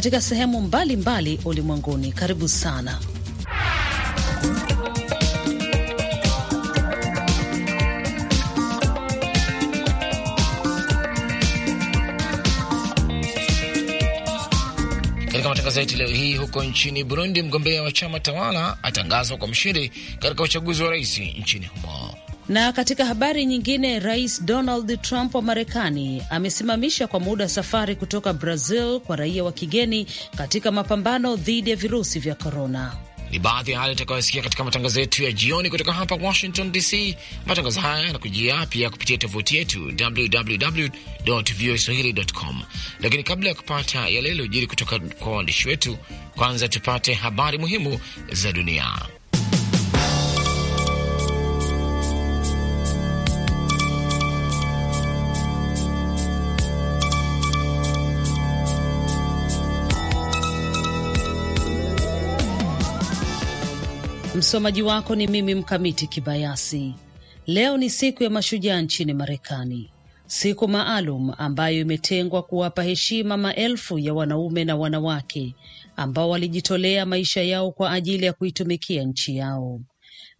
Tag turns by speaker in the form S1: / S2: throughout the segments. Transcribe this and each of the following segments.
S1: katika sehemu mbalimbali ulimwenguni. Karibu sana.
S2: Katika matangazo yetu leo hii, huko nchini Burundi, mgombea wa chama tawala atangazwa kwa mshindi katika uchaguzi wa rais nchini humo.
S1: Na katika habari nyingine, Rais Donald Trump wa Marekani amesimamisha kwa muda safari kutoka Brazil kwa raia wa kigeni katika mapambano dhidi ya virusi vya korona.
S2: Ni baadhi ya hali itakayosikia katika matangazo yetu ya jioni kutoka hapa Washington DC. Matangazo haya yanakujia pia kupitia tovuti yetu www.voaswahili.com. Lakini kabla ya kupata yale yaliyojiri kutoka kwa waandishi wetu, kwanza tupate habari muhimu za dunia.
S1: Msomaji wako ni mimi Mkamiti Kibayasi. Leo ni siku ya mashujaa nchini Marekani, siku maalum ambayo imetengwa kuwapa heshima maelfu ya wanaume na wanawake ambao walijitolea maisha yao kwa ajili ya kuitumikia nchi yao.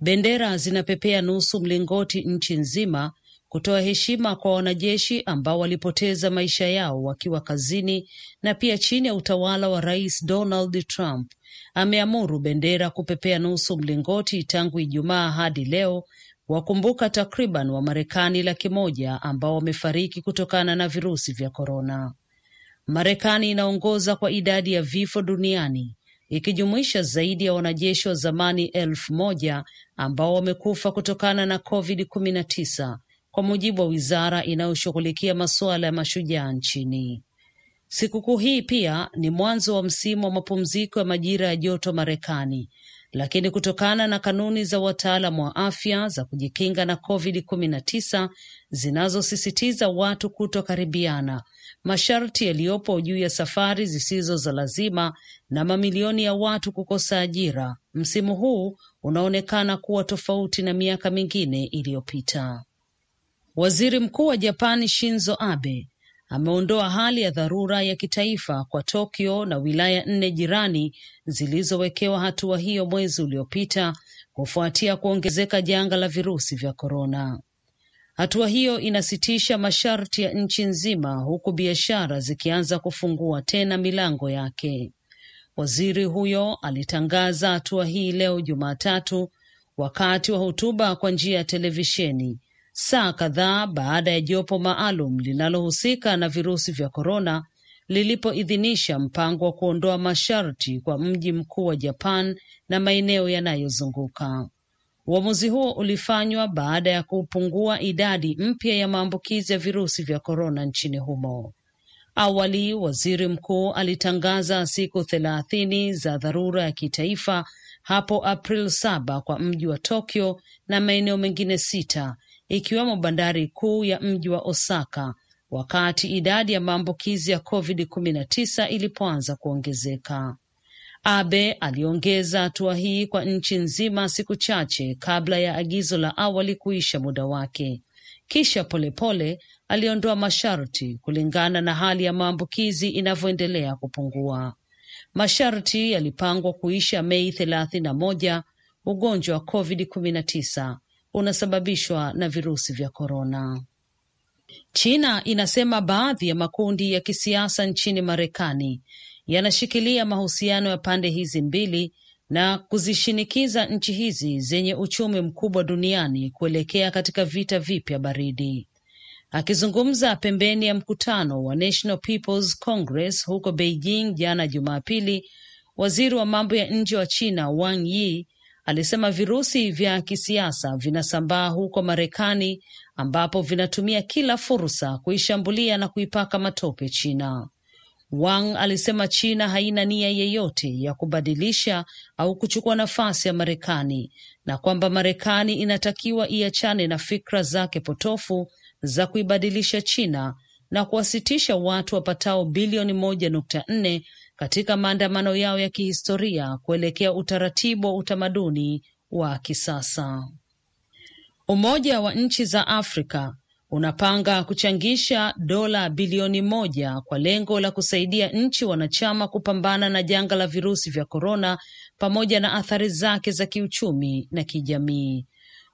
S1: Bendera zinapepea nusu mlingoti nchi nzima kutoa heshima kwa wanajeshi ambao walipoteza maisha yao wakiwa kazini na pia chini ya utawala wa Rais Donald Trump ameamuru bendera kupepea nusu mlingoti tangu Ijumaa hadi leo wakumbuka takriban Marekani laki moja ambao wamefariki kutokana na virusi vya korona. Marekani inaongoza kwa idadi ya vifo duniani ikijumuisha zaidi ya wanajeshi wa zamani elfu moja ambao wamekufa kutokana na COVID-19 kwa mujibu wa wizara inayoshughulikia masuala ya mashujaa nchini. Sikukuu hii pia ni mwanzo wa msimu wa mapumziko ya majira ya joto Marekani, lakini kutokana na kanuni za wataalam wa afya za kujikinga na COVID-19 zinazosisitiza watu kutokaribiana, masharti yaliyopo juu ya safari zisizo za lazima na mamilioni ya watu kukosa ajira, msimu huu unaonekana kuwa tofauti na miaka mingine iliyopita. Waziri Mkuu wa Japani Shinzo Abe ameondoa hali ya dharura ya kitaifa kwa Tokyo na wilaya nne jirani zilizowekewa hatua hiyo mwezi uliopita kufuatia kuongezeka janga la virusi vya korona. Hatua hiyo inasitisha masharti ya nchi nzima, huku biashara zikianza kufungua tena milango yake. Waziri huyo alitangaza hatua hii leo Jumatatu wakati wa hotuba kwa njia ya televisheni saa kadhaa baada ya jopo maalum linalohusika na virusi vya korona lilipoidhinisha mpango wa kuondoa masharti kwa mji mkuu wa Japan na maeneo yanayozunguka. Uamuzi huo ulifanywa baada ya kupungua idadi mpya ya maambukizi ya virusi vya korona nchini humo. Awali waziri mkuu alitangaza siku thelathini za dharura ya kitaifa hapo April saba kwa mji wa Tokyo na maeneo mengine sita ikiwemo bandari kuu ya mji wa Osaka wakati idadi ya maambukizi ya COVID-19 ilipoanza kuongezeka. Abe aliongeza hatua hii kwa nchi nzima siku chache kabla ya agizo la awali kuisha muda wake. Kisha polepole pole, aliondoa masharti kulingana na hali ya maambukizi inavyoendelea kupungua. Masharti yalipangwa kuisha Mei thelathini na moja. Ugonjwa wa COVID-19 unasababishwa na virusi vya korona. China inasema baadhi ya makundi ya kisiasa nchini Marekani yanashikilia mahusiano ya pande hizi mbili na kuzishinikiza nchi hizi zenye uchumi mkubwa duniani kuelekea katika vita vipya baridi. Akizungumza pembeni ya mkutano wa National People's Congress huko Beijing jana Jumapili, waziri wa mambo ya nje wa China Wang Yi alisema virusi vya kisiasa vinasambaa huko Marekani ambapo vinatumia kila fursa kuishambulia na kuipaka matope China. Wang alisema China haina nia yeyote ya kubadilisha au kuchukua nafasi ya Marekani na kwamba Marekani inatakiwa iachane na fikra zake potofu za kuibadilisha China na kuwasitisha watu wapatao bilioni moja nukta nne katika maandamano yao ya kihistoria kuelekea utaratibu wa utamaduni wa kisasa. Umoja wa nchi za Afrika unapanga kuchangisha dola bilioni moja kwa lengo la kusaidia nchi wanachama kupambana na janga la virusi vya korona pamoja na athari zake za kiuchumi na kijamii.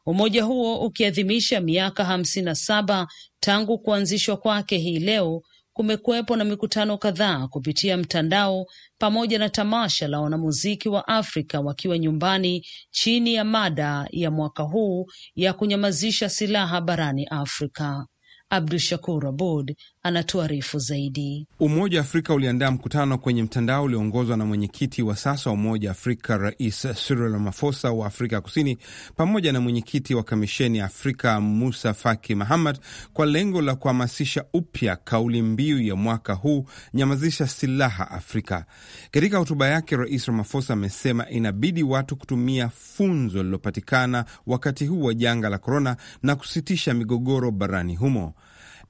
S1: Umoja huo ukiadhimisha miaka hamsini na saba tangu kuanzishwa kwake hii leo kumekuwepo na mikutano kadhaa kupitia mtandao pamoja na tamasha la wanamuziki wa Afrika wakiwa nyumbani chini ya mada ya mwaka huu ya kunyamazisha silaha barani Afrika. Abdu Shakur Abud anatuarifu zaidi.
S3: Umoja wa Afrika uliandaa mkutano kwenye mtandao ulioongozwa na mwenyekiti wa sasa wa Umoja wa Afrika, Rais Cyril Ramaphosa wa Afrika Kusini, pamoja na mwenyekiti wa Kamisheni ya Afrika Musa Faki Mahamad, kwa lengo la kuhamasisha upya kauli mbiu ya mwaka huu, nyamazisha silaha Afrika. Katika hotuba yake, Rais Ramaphosa amesema inabidi watu kutumia funzo lililopatikana wakati huu wa janga la korona na kusitisha migogoro barani humo.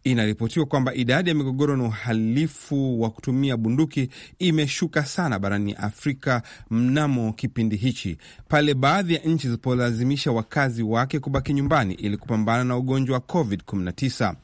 S3: Inaripotiwa kwamba idadi ya migogoro na uhalifu wa kutumia bunduki imeshuka sana barani Afrika mnamo kipindi hichi, pale baadhi ya nchi zilipolazimisha wakazi wake kubaki nyumbani ili kupambana na ugonjwa wa COVID-19.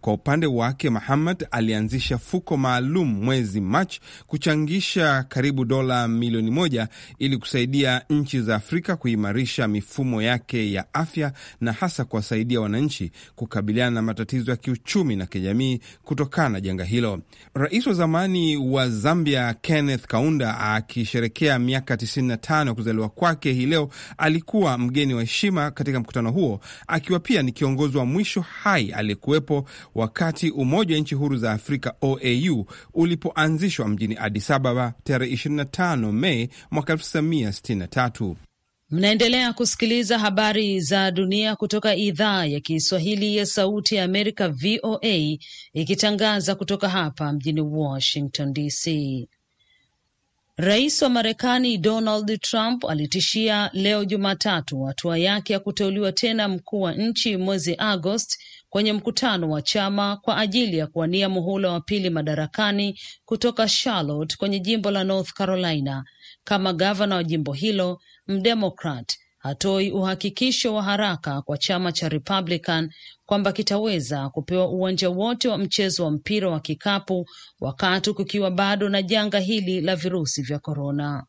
S3: Kwa upande wake, Muhammad alianzisha fuko maalum mwezi Machi kuchangisha karibu dola milioni moja ili kusaidia nchi za Afrika kuimarisha mifumo yake ya afya na hasa kuwasaidia wananchi kukabiliana na matatizo ya kiuchumi na kijamii kutokana na janga hilo. Rais wa zamani wa Zambia Kenneth Kaunda akisherekea miaka 95 ya kuzaliwa kwake hii leo alikuwa mgeni wa heshima katika mkutano huo, akiwa pia ni kiongozi wa mwisho hai aliyekuwepo wakati Umoja wa Nchi Huru za Afrika OAU ulipoanzishwa mjini Addis Ababa tarehe 25 Mei mwaka 1963.
S1: Mnaendelea kusikiliza habari za dunia kutoka idhaa ya Kiswahili ya Sauti ya Amerika, VOA, ikitangaza kutoka hapa mjini Washington DC. Rais wa Marekani Donald Trump alitishia leo Jumatatu hatua yake ya kuteuliwa tena mkuu wa nchi mwezi Agosti, kwenye mkutano wa chama kwa ajili ya kuwania muhula wa pili madarakani kutoka Charlotte kwenye jimbo la North Carolina, kama gavana wa jimbo hilo mdemokrat hatoi uhakikisho wa haraka kwa chama cha Republican kwamba kitaweza kupewa uwanja wote wa mchezo wa mpira wa kikapu wakati kukiwa bado na janga hili la virusi vya korona.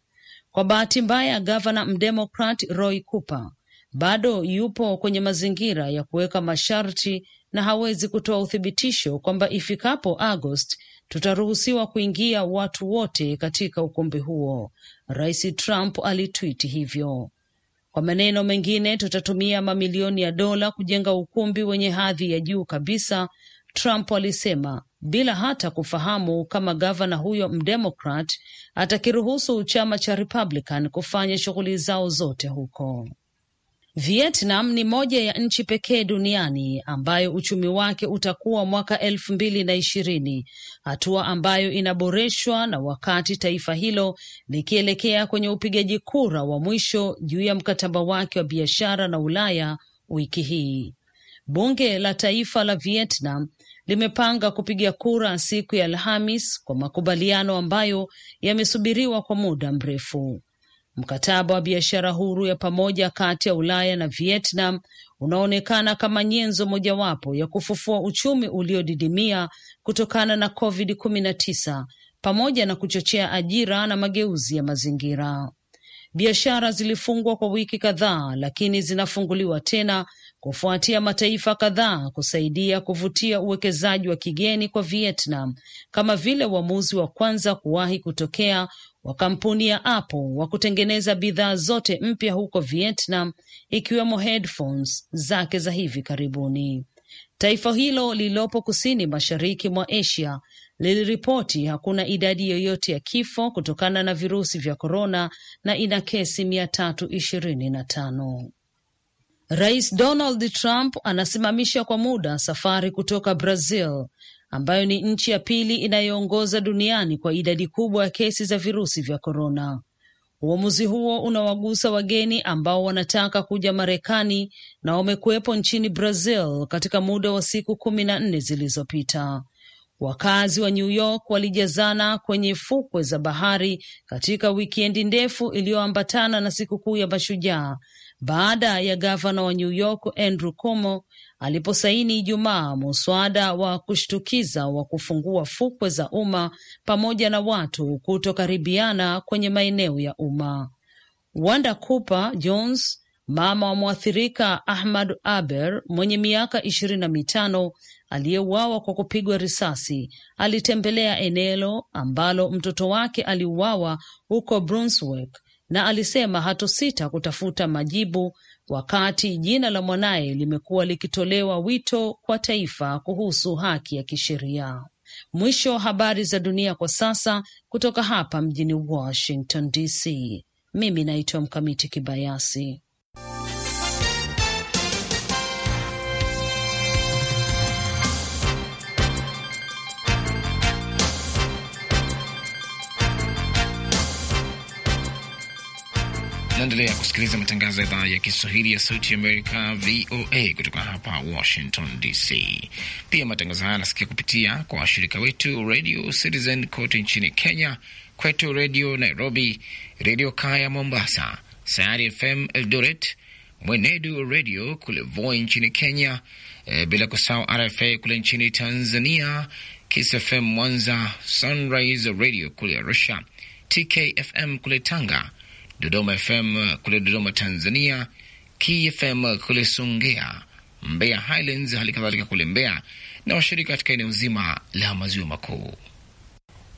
S1: Kwa bahati mbaya, gavana mdemokrat Roy Cooper bado yupo kwenye mazingira ya kuweka masharti na hawezi kutoa uthibitisho kwamba ifikapo Agosti tutaruhusiwa kuingia watu wote katika ukumbi huo. Rais Trump alitwiti hivyo. Kwa maneno mengine, tutatumia mamilioni ya dola kujenga ukumbi wenye hadhi ya juu kabisa, Trump alisema, bila hata kufahamu kama gavana huyo mdemokrat atakiruhusu chama cha Republican kufanya shughuli zao zote huko. Vietnam ni moja ya nchi pekee duniani ambayo uchumi wake utakuwa mwaka elfu mbili na ishirini, hatua ambayo inaboreshwa na wakati taifa hilo likielekea kwenye upigaji kura wa mwisho juu ya mkataba wake wa biashara na Ulaya wiki hii. Bunge la Taifa la Vietnam limepanga kupiga kura siku ya Alhamis kwa makubaliano ambayo yamesubiriwa kwa muda mrefu. Mkataba wa biashara huru ya pamoja kati ya Ulaya na Vietnam unaonekana kama nyenzo mojawapo ya kufufua uchumi uliodidimia kutokana na COVID-19 pamoja na kuchochea ajira na mageuzi ya mazingira. Biashara zilifungwa kwa wiki kadhaa, lakini zinafunguliwa tena kufuatia mataifa kadhaa kusaidia kuvutia uwekezaji wa kigeni kwa Vietnam kama vile uamuzi wa kwanza kuwahi kutokea wa kampuni ya Apple wa kutengeneza bidhaa zote mpya huko Vietnam ikiwemo headphones zake za hivi karibuni. Taifa hilo lililopo kusini mashariki mwa Asia liliripoti hakuna idadi yoyote ya kifo kutokana na virusi vya korona na ina kesi mia tatu ishirini na tano. Rais Donald Trump anasimamisha kwa muda safari kutoka Brazil ambayo ni nchi ya pili inayoongoza duniani kwa idadi kubwa ya kesi za virusi vya korona. Uamuzi huo unawagusa wageni ambao wanataka kuja Marekani na wamekuwepo nchini Brazil katika muda wa siku kumi na nne zilizopita. Wakazi wa New York walijazana kwenye fukwe za bahari katika wikendi ndefu iliyoambatana na sikukuu ya Mashujaa baada ya gavana wa New York Andrew Cuomo aliposaini Ijumaa muswada wa kushtukiza wa kufungua fukwe za umma pamoja na watu kutokaribiana kwenye maeneo ya umma. Wanda Cooper Jones, mama wa mwathirika Ahmad Aber mwenye miaka ishirini na mitano aliyeuawa kwa kupigwa risasi, alitembelea eneo ambalo mtoto wake aliuawa huko Brunswick na alisema hatosita kutafuta majibu wakati jina la mwanaye limekuwa likitolewa wito kwa taifa kuhusu haki ya kisheria. Mwisho wa habari za dunia kwa sasa, kutoka hapa mjini Washington DC. Mimi naitwa Mkamiti Kibayasi.
S2: Unaendelea kusikiliza matangazo ya idhaa ya Kiswahili ya Sauti Amerika, VOA, kutoka hapa Washington DC. Pia matangazo haya yanasikia kupitia kwa washirika wetu Radio Citizen kote nchini Kenya, Kwetu Redio Nairobi, Redio Kaya Mombasa, Sayari FM Eldoret, Mwenedu Redio kule Voi nchini Kenya, e, bila kusahau RFA kule nchini Tanzania, Kiss FM Mwanza, Sunrise Radio kule Arusha, TKFM kule Tanga Dodoma FM kule Dodoma Tanzania, KFM kule Songea, Mbeya Highlands, hali kadhalika kule Mbeya na washirika katika eneo zima la maziwa makuu.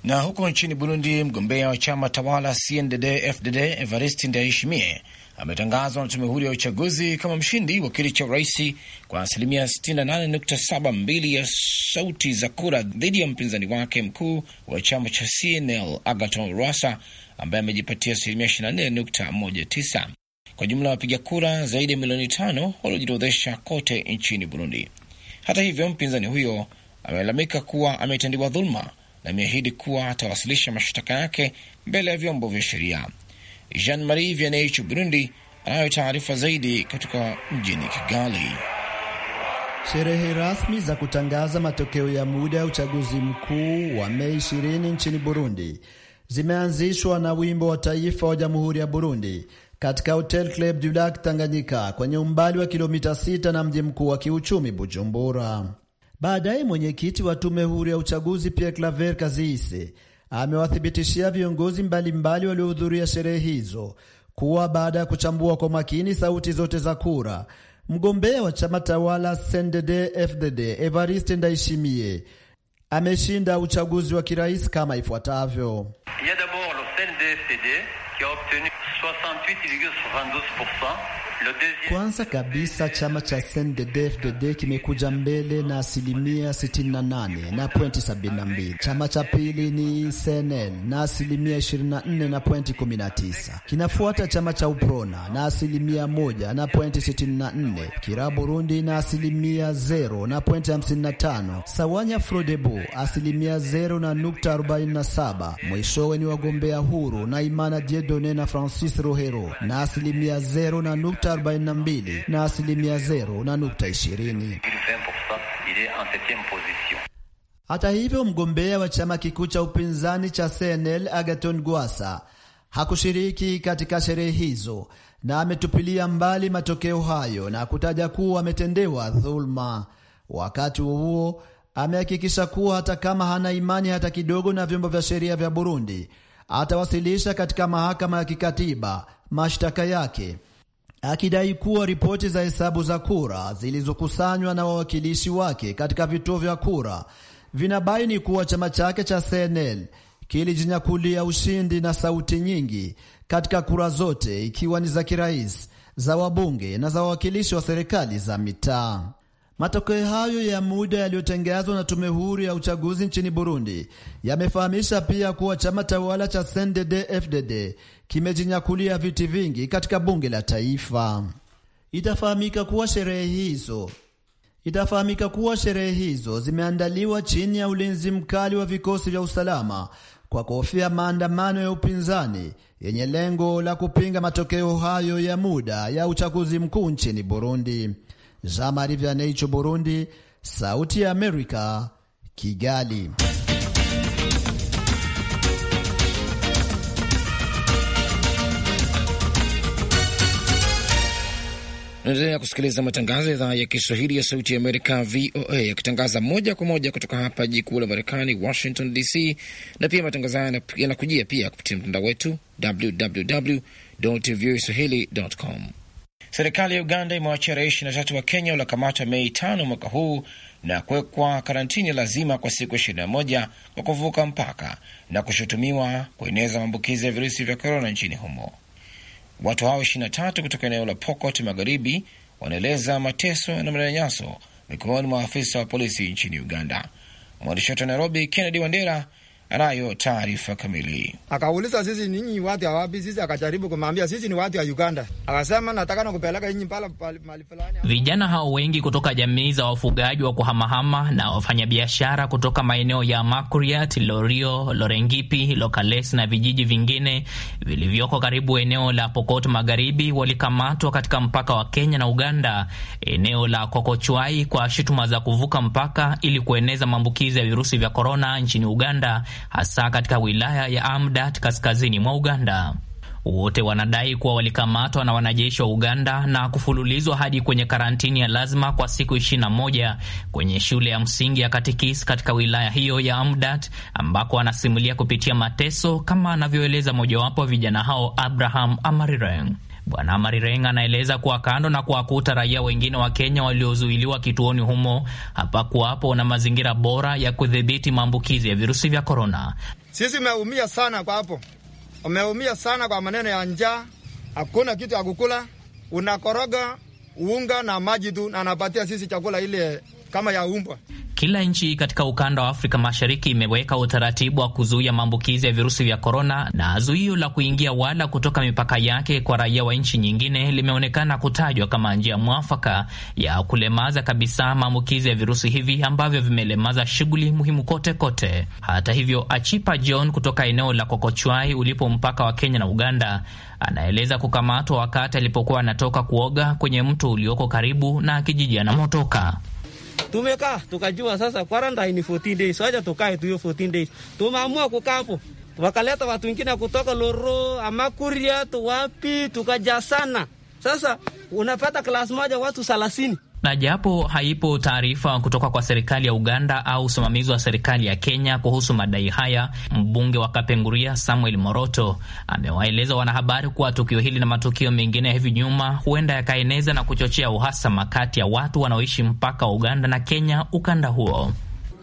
S2: Na huko nchini Burundi, mgombea wa chama tawala CNDD FDD Evariste Ndayishimiye ametangazwa na tume huru ya uchaguzi kama mshindi wa kiti cha urais kwa asilimia 68.72 ya sauti za kura dhidi ya mpinzani wake mkuu wa chama cha CNL Agaton Rwasa ambaye amejipatia asilimia 24.19. Kwa jumla wapiga kura zaidi ya milioni tano waliojirodhesha kote nchini Burundi. Hata hivyo, mpinzani huyo amelalamika kuwa ametendiwa dhuluma na ameahidi kuwa atawasilisha mashtaka yake mbele ya vyombo vya sheria. Jean Marie Vianney Burundi anayo taarifa zaidi kutoka
S4: mjini Kigali. Sherehe rasmi za kutangaza matokeo ya muda ya uchaguzi mkuu wa Mei 20 nchini Burundi zimeanzishwa na wimbo wa taifa wa Jamhuri ya Burundi katika Hotel Club du Lac Tanganyika kwenye umbali wa kilomita 6 na mji mkuu wa kiuchumi Bujumbura. Baadaye mwenyekiti wa tume huru ya uchaguzi Pierre Claver Kazise amewathibitishia viongozi mbalimbali waliohudhuria sherehe hizo kuwa baada ya kuchambua kwa makini sauti zote za kura, mgombea wa chama tawala CNDD-FDD Evariste Ndayishimiye ameshinda uchaguzi wa kirais kama ifuatavyo. Il y a d'abord le cndd qui a obtenu 68,72% kwanza kabisa chama cha CNDD-FDD kimekuja mbele na asilimia 68 na pointi 72. Chama cha pili ni CNL na asilimia 24 na pointi 19. Kinafuata chama cha UPRONA na asilimia 1 na pointi 64, Kira Burundi na asilimia 0 na pointi 55, Sawanya Frodebu asilimia 0 na nukta 47. Mwishowe ni wagombea huru na Imana Diedone na Francis Rohero na asilimia 0 na nukta 642 na asilimia ishirini. Hata hivyo, mgombea wa chama kikuu cha upinzani cha CNL Agaton Gwasa hakushiriki katika sherehe hizo na ametupilia mbali matokeo hayo na kutaja kuwa ametendewa dhuluma. Wakati huo amehakikisha kuwa hata kama hana imani hata kidogo na vyombo vya sheria vya Burundi, atawasilisha katika mahakama ya kikatiba mashtaka yake akidai kuwa ripoti za hesabu za kura zilizokusanywa na wawakilishi wake katika vituo vya kura vinabaini kuwa chama chake cha CNL kilijinyakulia ushindi na sauti nyingi katika kura zote, ikiwa ni za kirais, za wabunge na za wawakilishi wa serikali za mitaa. Matokeo hayo ya muda yaliyotengenezwa na tume huru ya uchaguzi nchini Burundi yamefahamisha pia kuwa chama tawala cha CNDD-FDD kimejinyakulia viti vingi katika bunge la taifa. Itafahamika kuwa sherehe hizo itafahamika kuwa sherehe hizo zimeandaliwa chini ya ulinzi mkali wa vikosi vya usalama kwa kuhofia maandamano ya upinzani yenye lengo la kupinga matokeo hayo ya muda ya uchaguzi mkuu nchini Burundi. Jean Marie Vianney, Burundi, Sauti ya Amerika, Kigali.
S2: Unaendelea kusikiliza matangazo ya idhaa ya Kiswahili ya Sauti ya Amerika, VOA, yakitangaza moja kwa moja kutoka hapa jiji kuu la Marekani, Washington DC. Na pia matangazo haya yanakujia pia kupitia mtandao wetu www voa swahili com. Serikali ya Uganda imewachia raia tatu wa Kenya waliokamatwa Mei tano mwaka huu na kuwekwa karantini lazima kwa siku moja kwa kuvuka mpaka na kushutumiwa kueneza maambukizi ya virusi vya korona nchini humo. Watu hao 23 kutoka eneo la Pokot Magharibi wanaeleza mateso na manyanyaso mikononi mwa afisa wa polisi nchini Uganda. Mwandishi wetu wa Nairobi, Kennedy Wandera anayo taarifa kamili. Akauliza, sisi ninyi watu wapi? Sisi akajaribu kumwambia sisi ni watu wa Uganda, akasema nataka nakupeleka nyinyi pala mahali fulani.
S5: Vijana hao wengi kutoka jamii za wafugaji wa kuhamahama na wafanyabiashara kutoka maeneo ya Makuriat, Lorio, Lorengipi, Lokales na vijiji vingine vilivyoko karibu eneo la Pokot Magharibi walikamatwa katika mpaka wa Kenya na Uganda, eneo la Kokochwai, kwa shutuma za kuvuka mpaka ili kueneza maambukizi ya virusi vya korona nchini Uganda hasa katika wilaya ya Amdat kaskazini mwa Uganda. Wote wanadai kuwa walikamatwa na wanajeshi wa Uganda na kufululizwa hadi kwenye karantini ya lazima kwa siku 21 kwenye shule ya msingi ya Katikis katika wilaya hiyo ya Amdat, ambako wanasimulia kupitia mateso, kama anavyoeleza mojawapo wa vijana hao Abraham Amarireng. Bwana Marireng anaeleza kuwa kando na kuwakuta raia wengine wa Kenya waliozuiliwa kituoni humo, hapakuwapo na mazingira bora ya kudhibiti maambukizi ya virusi vya korona.
S6: Sisi umeumia sana kwa hapo, umeumia sana kwa maneno ya njaa,
S2: hakuna kitu ya kukula, unakoroga unga na maji tu, na anapatia
S4: sisi chakula ile kama ya umbwa.
S5: Kila nchi katika ukanda wa Afrika Mashariki imeweka utaratibu wa kuzuia maambukizi ya virusi vya korona, na zuio la kuingia wala kutoka mipaka yake kwa raia wa nchi nyingine limeonekana kutajwa kama njia mwafaka ya kulemaza kabisa maambukizi ya virusi hivi ambavyo vimelemaza shughuli muhimu kote kote. Hata hivyo, Achipa John kutoka eneo la Kokochwai ulipo mpaka wa Kenya na Uganda anaeleza kukamatwa wakati alipokuwa anatoka kuoga kwenye mto ulioko karibu na kijiji anamotoka.
S6: Tumekaa tukajua sasa quarantine 14 days, wacha tukae tu hiyo 14 days. Tumeamua kukaa hapo, wakaleta watu wengine kutoka Loro Amakuria, tuwapi tu wapi, tukajasana sasa. Unapata klas moja watu 30
S5: na japo haipo taarifa kutoka kwa serikali ya Uganda au usimamizi wa serikali ya Kenya kuhusu madai haya, mbunge wa Kapenguria Samuel Moroto amewaeleza wanahabari kuwa tukio hili na matukio mengine ya hivi nyuma huenda yakaeneza na kuchochea uhasama kati ya watu wanaoishi mpaka wa Uganda na Kenya, ukanda huo.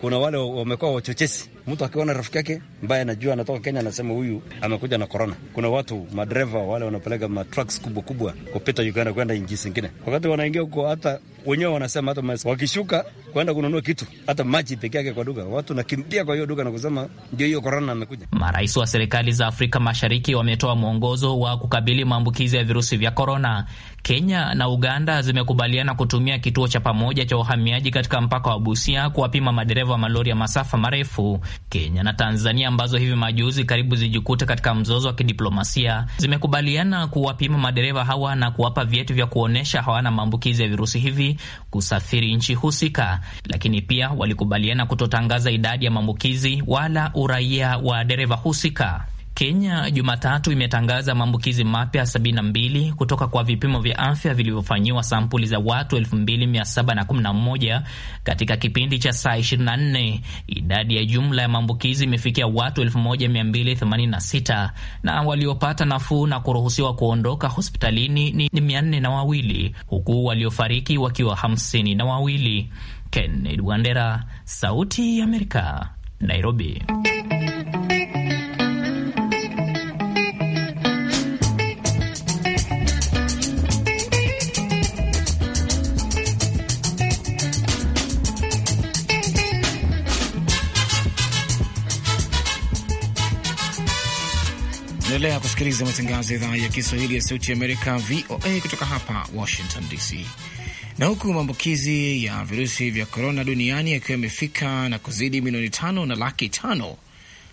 S6: Kuna wale wamekuwa wachochezi mtu akiona rafiki yake mbaye anajua anatoka Kenya anasema huyu amekuja na korona. Kuna watu madereva wale wanapeleka matrucks kubwa kubwa kupita Uganda kwenda nchi zingine, wakati wanaingia huko hata wenyewe wanasema hata wakishuka kwenda kununua kitu hata maji peke yake kwa duka, watu nakimbia kwa hiyo duka na kusema ndio hiyo korona amekuja.
S5: Marais wa serikali za Afrika Mashariki wametoa mwongozo wa kukabili maambukizi ya virusi vya korona. Kenya na Uganda zimekubaliana kutumia kituo cha pamoja cha uhamiaji katika mpaka wa Busia kuwapima madereva wa malori ya masafa marefu Kenya na Tanzania ambazo hivi majuzi karibu zijikuta katika mzozo wa kidiplomasia zimekubaliana kuwapima madereva hawa na kuwapa vyeti vya kuonyesha hawana maambukizi ya virusi hivi kusafiri nchi husika, lakini pia walikubaliana kutotangaza idadi ya maambukizi wala uraia wa dereva husika. Kenya Jumatatu imetangaza maambukizi mapya 72 kutoka kwa vipimo vya afya vilivyofanyiwa sampuli za watu 2711 katika kipindi cha saa 24. Idadi ya jumla ya maambukizi imefikia watu 1286 na waliopata nafuu na kuruhusiwa kuondoka hospitalini ni 4na wawili huku waliofariki wakiwa wawili. Kenneth Wandera, Sauti ya Amerika, Nairobi.
S2: Unaendelea kusikiliza matangazo ya idhaa ya Kiswahili ya Sauti ya Amerika, VOA, kutoka hapa Washington DC. Na huku maambukizi ya virusi vya korona duniani yakiwa yamefika na kuzidi milioni tano na laki tano,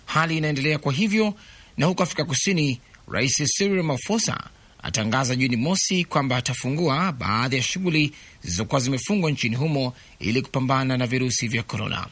S2: hali inaendelea kwa hivyo. Na huko Afrika Kusini, Rais Cyril Ramaphosa atangaza Juni mosi kwamba atafungua baadhi ya shughuli zilizokuwa zimefungwa nchini humo ili kupambana na virusi vya korona.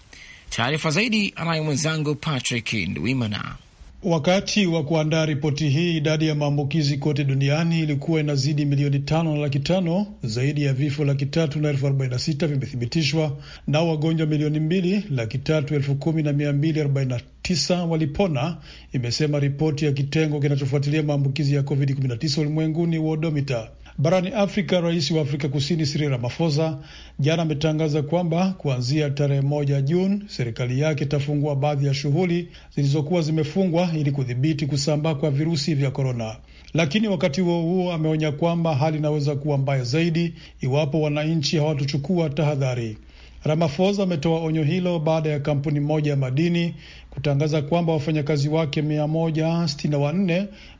S2: Taarifa zaidi anayo mwenzangu Patrick Ndwimana.
S7: Wakati wa kuandaa ripoti hii, idadi ya maambukizi kote duniani ilikuwa inazidi milioni tano na laki tano. Zaidi ya vifo laki tatu na elfu arobaini na sita vimethibitishwa na wagonjwa milioni mbili laki tatu elfu kumi na mia mbili arobaini na tisa walipona, imesema ripoti ya kitengo kinachofuatilia maambukizi ya COVID-19 ulimwenguni, Wodomita. Barani Afrika, rais wa Afrika Kusini Cyril Ramaphosa jana ametangaza kwamba kuanzia tarehe moja Juni serikali yake itafungua baadhi ya shughuli zilizokuwa zimefungwa ili kudhibiti kusambaa kwa virusi vya korona. Lakini wakati huo huo ameonya kwamba hali inaweza kuwa mbaya zaidi iwapo wananchi hawatochukua tahadhari. Ramaphosa ametoa onyo hilo baada ya kampuni moja ya madini kutangaza kwamba wafanyakazi wake mia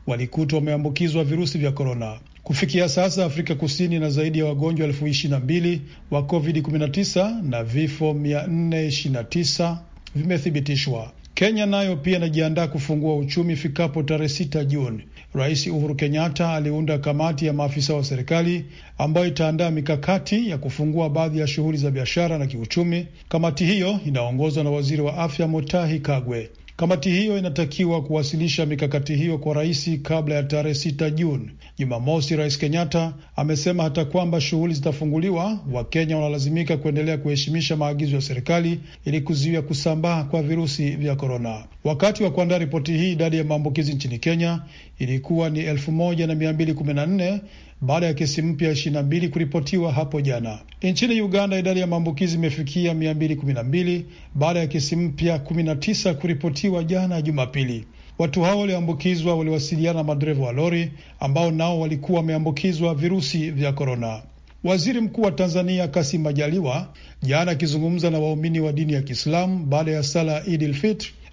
S7: walikutwa wameambukizwa virusi vya korona. Kufikia sasa Afrika Kusini ina zaidi ya wagonjwa elfu ishirini na mbili wa COVID-19 na vifo 429 vimethibitishwa. Kenya nayo pia inajiandaa kufungua uchumi ifikapo tarehe sita Juni. Rais Uhuru Kenyatta aliunda kamati ya maafisa wa serikali ambayo itaandaa mikakati ya kufungua baadhi ya shughuli za biashara na kiuchumi. Kamati hiyo inaongozwa na waziri wa afya Mutahi Kagwe. Kamati hiyo inatakiwa kuwasilisha mikakati hiyo kwa rais kabla ya tarehe sita Juni. Jumamosi, Rais Kenyatta amesema hata kwamba shughuli zitafunguliwa, Wakenya wanalazimika kuendelea kuheshimisha maagizo ya serikali ili kuzuia kusambaa kwa virusi vya korona. Wakati wa kuandaa ripoti hii, idadi ya maambukizi nchini Kenya ilikuwa ni elfu moja na mia mbili kumi na nne baada ya kesi mpya ishirini mbili kuripotiwa hapo jana. Nchini Uganda, idadi ya maambukizi imefikia mia mbili kumi na mbili baada ya kesi mpya kumi na tisa kuripotiwa jana Jumapili. Watu hao walioambukizwa waliwasiliana na madereva wa lori ambao nao walikuwa wameambukizwa virusi vya korona. Waziri Mkuu wa Tanzania Kasim Majaliwa jana akizungumza na waumini wa dini ya Kiislamu baada ya sala Idil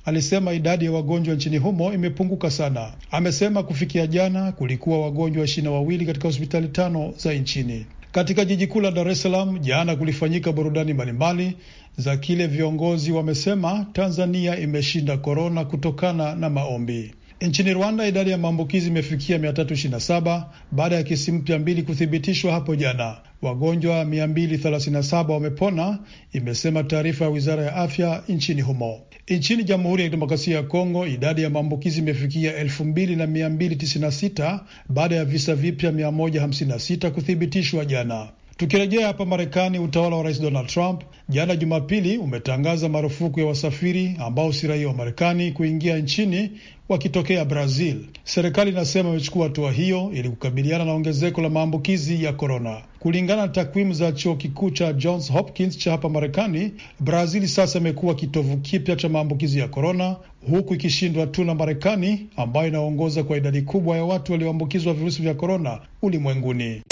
S7: alisema idadi ya wagonjwa nchini humo imepunguka sana. Amesema kufikia jana kulikuwa wagonjwa ishirini na wawili katika hospitali tano za nchini. Katika jiji kuu la Dar es Salaam jana kulifanyika burudani mbalimbali za kile viongozi wamesema Tanzania imeshinda korona kutokana na maombi. Nchini Rwanda idadi ya maambukizi imefikia 327 baada ya kesi mpya mbili kuthibitishwa hapo jana. Wagonjwa 237 wamepona, imesema taarifa ya wizara ya afya nchini humo. Nchini Jamhuri ya Kidemokrasia ya Kongo idadi ya maambukizi imefikia 2296 baada ya visa vipya 156 kuthibitishwa jana. Tukirejea hapa Marekani, utawala wa rais Donald Trump jana Jumapili umetangaza marufuku ya wasafiri ambao si raia wa Marekani kuingia nchini wakitokea Brazil. Serikali inasema imechukua hatua hiyo ili kukabiliana na ongezeko la maambukizi ya korona. Kulingana na takwimu za chuo kikuu cha Johns Hopkins cha hapa Marekani, Brazil sasa imekuwa kitovu kipya cha maambukizi ya korona, huku ikishindwa tu na Marekani ambayo inaongoza kwa idadi kubwa ya watu walioambukizwa virusi vya korona ulimwenguni.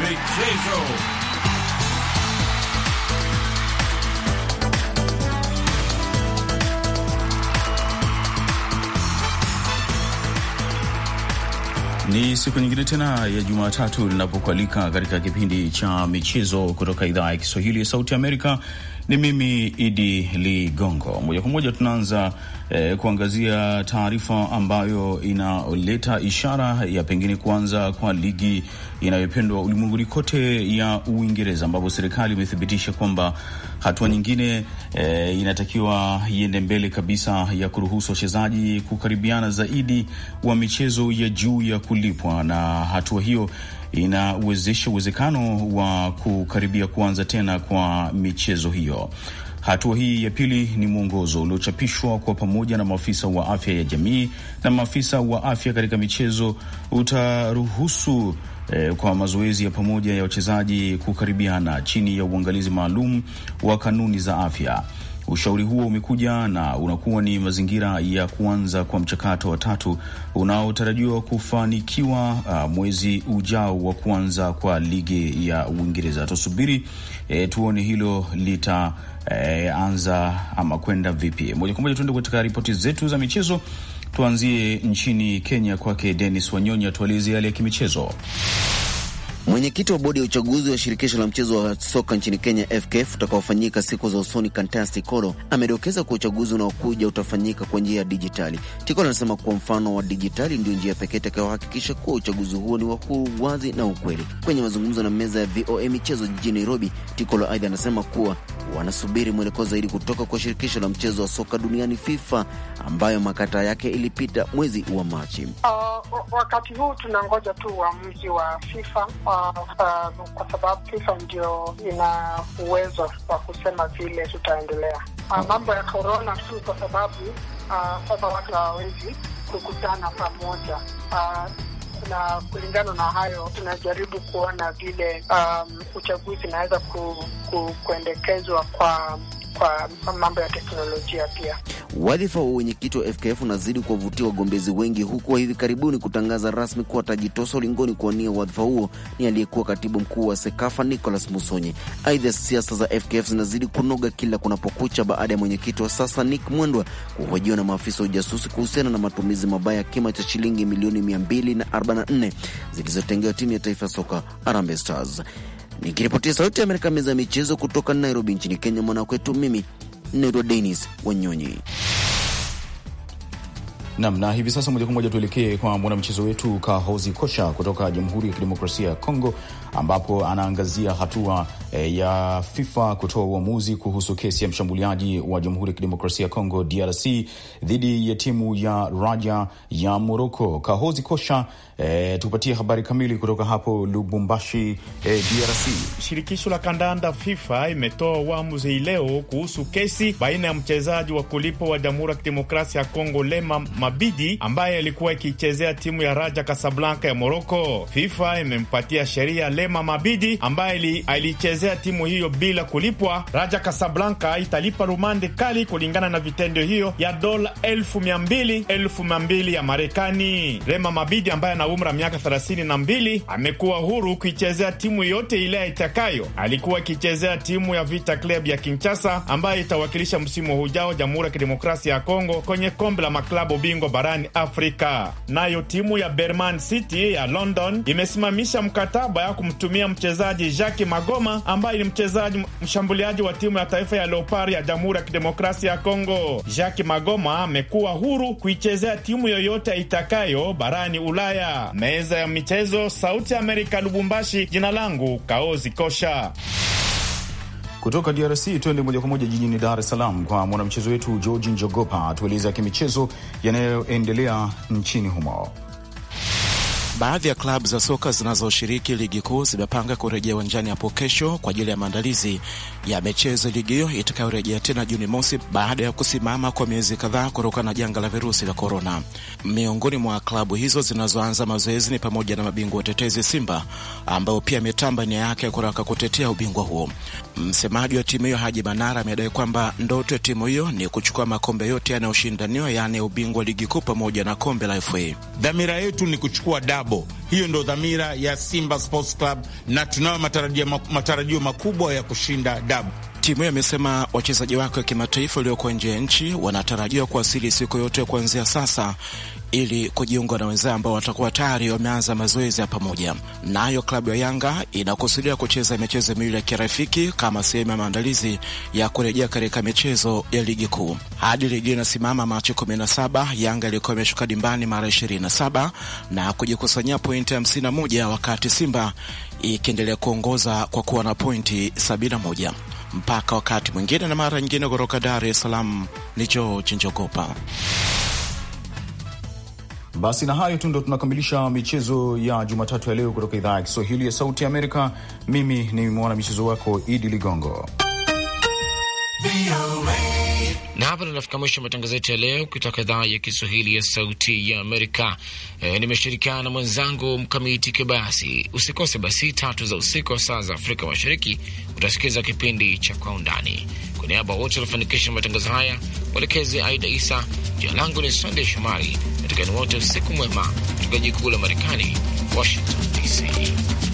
S3: Michezo.
S8: Ni siku nyingine tena ya Jumatatu linapokualika katika kipindi cha michezo kutoka idhaa ya Kiswahili ya Sauti Amerika. Ni mimi Idi Ligongo. Moja kwa moja tunaanza eh, kuangazia taarifa ambayo inaleta ishara ya pengine kuanza kwa ligi inayopendwa ulimwenguni kote ya Uingereza, ambapo serikali imethibitisha kwamba hatua nyingine e, inatakiwa iende mbele kabisa ya kuruhusu wachezaji kukaribiana zaidi wa michezo ya juu ya kulipwa, na hatua hiyo inawezesha uwezekano wa kukaribia kuanza tena kwa michezo hiyo. Hatua hii ya pili ni mwongozo uliochapishwa kwa pamoja na maafisa wa afya ya jamii na maafisa wa afya katika michezo, utaruhusu eh, kwa mazoezi ya pamoja ya wachezaji kukaribiana chini ya uangalizi maalum wa kanuni za afya. Ushauri huo umekuja na unakuwa ni mazingira ya kuanza kwa mchakato wa tatu unaotarajiwa kufanikiwa uh, mwezi ujao wa kuanza kwa ligi ya Uingereza. Tusubiri eh, tuone hilo litaanza eh, anza ama kwenda vipi. Moja kwa moja tuende katika ripoti zetu za michezo Tuanzie nchini Kenya, kwake Denis Wanyonyi atueleze yale ya kimichezo.
S6: Mwenyekiti wa bodi ya uchaguzi wa shirikisho la mchezo wa soka nchini Kenya, FKF, utakaofanyika siku za usoni, Kantas Tikolo amedokeza kuwa uchaguzi unaokuja utafanyika kwa njia ya dijitali. Tikolo anasema kuwa mfano wa dijitali ndio njia pekee itakayohakikisha kuwa uchaguzi huo ni wa huru, wazi na ukweli. Kwenye mazungumzo na meza ya VOA michezo jijini Nairobi, Tikolo aidha anasema kuwa wanasubiri mwelekeo zaidi kutoka kwa shirikisho la mchezo wa soka duniani FIFA, ambayo makata yake ilipita mwezi wa Machi. Uh,
S5: wakati huu tunangoja tu uamuzi wa FIFA kwa, uh, um, kwa sababu FIFA ndio ina uwezo wa kusema vile tutaendelea. Uh, mambo ya korona tu kwa sababu uh, watu hawawezi kukutana pamoja uh, na kulingana na hayo tunajaribu kuona vile um, uchaguzi unaweza ku, ku, kuendekezwa kwa kwa mambo ya teknolojia
S1: pia.
S6: Wadhifa wa uwenyekiti wa FKF unazidi kuwavutia wagombezi wengi, huku wa hivi karibuni kutangaza rasmi kuwa atajitosa ulingoni kuwania wadhifa huo ni aliyekuwa katibu mkuu wa SEKAFA Nicholas musonyi Aidha, siasa za FKF zinazidi kunoga kila kunapokucha baada ya mwenyekiti wa sasa Nick Mwendwa kuhojiwa na maafisa wa ujasusi kuhusiana na matumizi mabaya ya kima cha shilingi milioni 244 zilizotengewa timu ya taifa ya soka Harambee Stars. Nikiripotia Sauti ya Amerika, meza ya michezo kutoka Nairobi nchini Kenya, mwanakwetu mimi naitwa Denis Wanyonyi. Nam na hivi sasa moja kwa moja tuelekee kwa mwanamchezo
S8: wetu Kahozi kosha kutoka Jamhuri ya Kidemokrasia ya Kongo, ambapo anaangazia hatua Eh, ya FIFA kutoa uamuzi kuhusu kesi ya mshambuliaji wa Jamhuri ya Kidemokrasia ya Kongo DRC dhidi ya timu ya Raja ya Moroko. Kahozi Kosha, e, tupatie habari kamili kutoka hapo Lubumbashi, e, eh, DRC.
S9: Shirikisho la kandanda FIFA imetoa uamuzi hii leo kuhusu kesi baina ya mchezaji wa kulipo wa Jamhuri ya Kidemokrasia ya Kongo Lema Mabidi ambaye alikuwa ikichezea timu ya Raja Kasablanka ya Moroko. FIFA imempatia sheria Lema Mabidi ambaye alichezea kuchezea timu hiyo bila kulipwa, Raja Kasablanka italipa rumande kali kulingana na vitendo hiyo ya dola elfu mia mbili elfu mia mbili ya Marekani. Rema Mabidi ambaye ana umri wa miaka 32 amekuwa huru kuichezea timu yote ile itakayo. Alikuwa akichezea timu ya Vita Club ya Kinshasa ambayo itawakilisha msimu hujao Jamhuri ya Kidemokrasia ya Kongo kwenye kombe la maklabu bingwa barani Afrika. Nayo timu ya Berman City ya London imesimamisha mkataba ya kumtumia mchezaji Jackie Magoma ambaye ni mchezaji mshambuliaji wa timu ya taifa ya Leopard ya Jamhuri ya Kidemokrasia ya Kongo. Jacques Magoma amekuwa huru kuichezea timu yoyote itakayo barani Ulaya. Meza ya michezo, Sauti Amerika, Lubumbashi. Jina langu Kaozi Kosha. Kutoka DRC twende moja kwa moja jijini Dar es Salaam kwa mwanamchezo wetu
S8: Georgi
S10: Njogopa atueleza kimichezo yanayoendelea nchini humo. Baadhi ya klabu za soka zinazoshiriki ligi kuu zimepanga kurejea uwanjani hapo kesho kwa ajili ya maandalizi michezo ligi hiyo itakayorejea tena Juni mosi baada ya kusimama kwa miezi kadhaa kutokana na janga la virusi vya korona. Miongoni mwa klabu hizo zinazoanza mazoezi ni pamoja na mabingwa watetezi Simba ambayo pia ametamba nia yake ya kutaka kutetea ubingwa huo. Msemaji wa timu hiyo Haji Manara amedai kwamba ndoto ya timu hiyo ni kuchukua makombe yote yanayoshindaniwa, yaani ubingwa wa ligi kuu pamoja na kombe la FA. Dhamira yetu ni kuchukua dabo, hiyo ndo dhamira ya Simba Sports Club na tunayo matarajio makubwa ya kushinda Yeah. Timu hiyo imesema wachezaji wake wa kimataifa waliokuwa nje ya nchi wanatarajiwa kuwasili siku yote kuanzia sasa ili kujiunga na wenzao ambao watakuwa tayari wameanza mazoezi ya pamoja. Nayo klabu ya Yanga inakusudia kucheza michezo miwili ya kirafiki kama sehemu ya maandalizi ya kurejea katika michezo ya ligi kuu. Hadi ligi inasimama Machi 17, Yanga ilikuwa imeshuka dimbani mara 27 na kujikusanyia pointi 51, wakati Simba ikiendelea kuongoza kwa kuwa na pointi 71. Mpaka wakati mwingine na mara nyingine, kutoka Dar es Salaam ni George Njogopa.
S8: Basi na hayo tu ndo tunakamilisha michezo ya Jumatatu ya leo kutoka idhaa ya Kiswahili ya Sauti ya Amerika. Mimi ni mwana michezo wako Idi Ligongo.
S2: hapa tunafika mwisho matangazo yetu ya leo kutoka idhaa ya Kiswahili ya Sauti ya Amerika. E, nimeshirikiana na mwenzangu Mkamiti Kibayasi. Usikose basi tatu za usiku wa saa za Afrika Mashariki utasikiza kipindi cha Kwa Undani. Kwa niaba wote waliofanikisha matangazo haya, mwelekezi Aida Isa, jina langu ni Sandey Shomari. Natukani wote usiku mwema kutoka jikuu la Marekani, Washington DC.